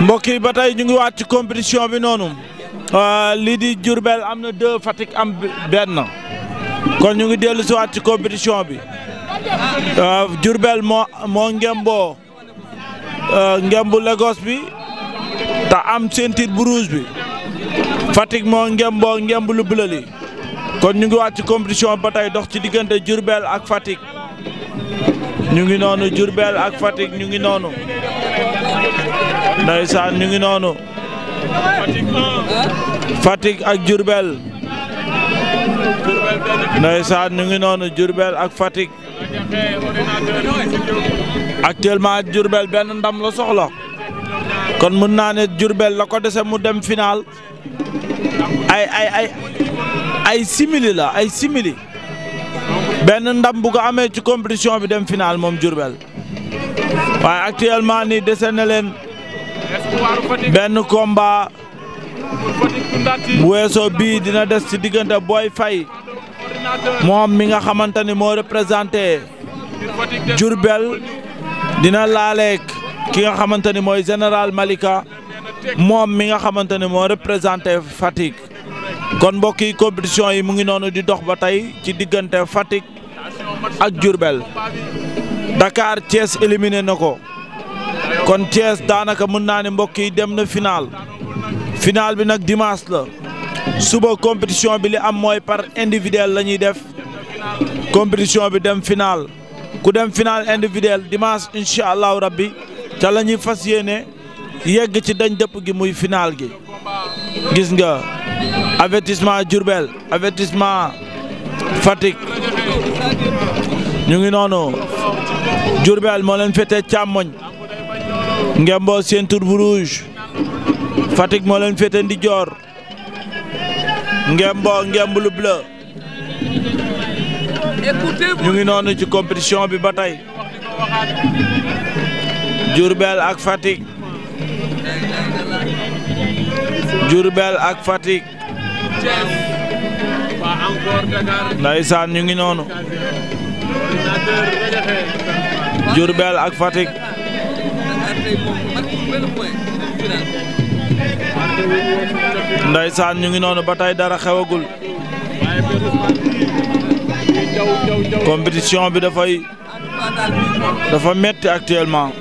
mbokk yi ba tey ñu ngi waat ci compétition bi noonu euh, lii di Diourbel am na deux Fatick am benn kon ñu ngi dellu si waat ci compétition bi euh, Diourbel moo moo ngemboo euh, ngembu Lagos bi te am ceinture bu rouge bi Fatick moo ngemboo ngembu lu bleu kon ñu ngi waat ci compétition ba tey dox ci diggante Diourbel ak Fatick ñu ngi noonu Diourbel ak Fatick ñu ngi noonu ndeysaan ñu ngi noonu Fatick ak Diourbel ndeysaan ñu ngi noonu Diourbel ak Fatick actuellement Diourbel benn ndam la soxla kon mën naa ne Diourbel la ko dese mu dem final ay ay ay simili benn ndam bu amee ci compétition bi dem final moom Diourbel waaye actuellement nii dese na leen benn komba bu weesoo bii dina des ci diggante booy Faye moom mi nga xamante ni moo représenté jurbel dina laaleek ki nga xamante ni mooy général Malika moom mi nga xamante ni moo représenté Fatick kon mbokk yi compétition yi mu ngi noonu di dox ba tey ci diggante Fatick ak jurbel Dakar Thiès éliminé na ko kon Thiès daanaka mën naa ne mbokk yi dem na final final bi nag dimanche la suba compétition bi li am mooy par individuel la ñuy def compétition bi dem final ku dem final individuel dimanche incha allahu rabbi te la ñuy fas yéene yegg ci dañ dëpp gi muy final gi gis nga avertissement Diourbel avertissement Fatick ñu ngi noonu Diourbel moo leen féete càmmoñ ngemboo ceinture bu rouge Fatick moo leen féete ndijoor ngemboo ngemb lu ñu ngi noonu ci compétition bi ba tey Diourbel ak Fatick Diourbel ak Fatick ndaysaan ñu ngi noonu Diourbel ak Fatick ndeysaan ñu ngi noonu ba tey dara xewagul compétition bi dafay dafa metti actuellement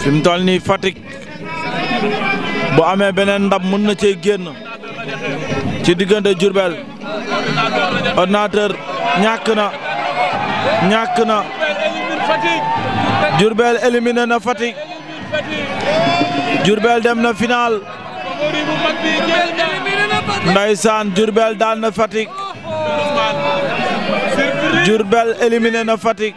fi toll nii Fatick bu amee beneen ndam mën na cee génn ci diggante Diourbel ordinateur ñàkk na ñàkk na Diourbel éliminé na Fatick Diourbel dem na final ndaysaan Diourbel daan na Fatick Diourbel éliminé na Fatick